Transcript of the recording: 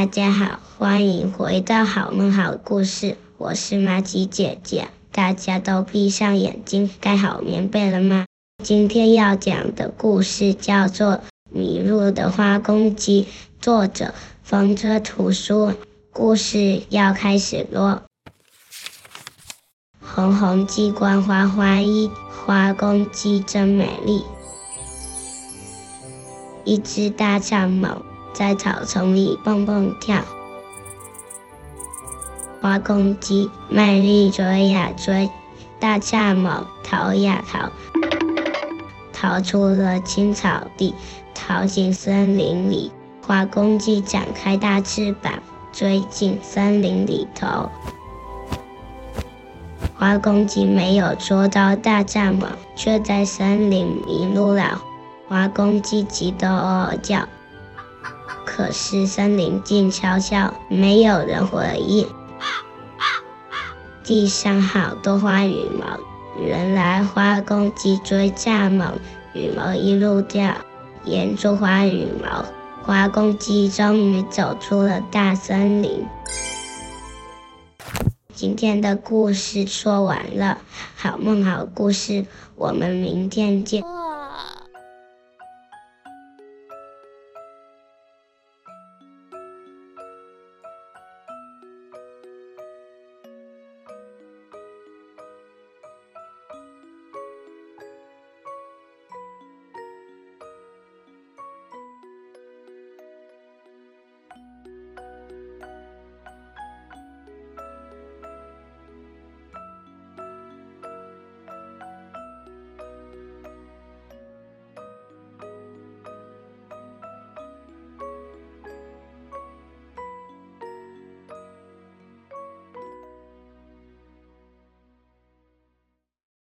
大家好，歡迎回到好夢好故事，我是麻吉姐姐。大家都閉上眼睛，蓋好棉被了嗎？今天要講的故事叫做《迷路的花公雞》，作者風車圖書。故事要開始咯！紅紅雞冠花花衣，花公雞真美麗。一隻大藏貓。在草叢裡蹦蹦跳，花公雞賣力追呀追，大蚱蜢逃呀逃，逃出了青草地，逃進森林裡。花公雞展開大翅膀，追進森林裡頭。花公雞沒有捉到大蚱蜢，卻在森林迷路了。花公雞急得嗷嗷叫。可是森林靜悄悄，沒有人回應。地上好多花羽毛，原來花公雞追蚱蜢，羽毛一路掉，沿着花羽毛，花公雞終於走出了大森林。今天的故事說完了，好夢好故事，我們明天見。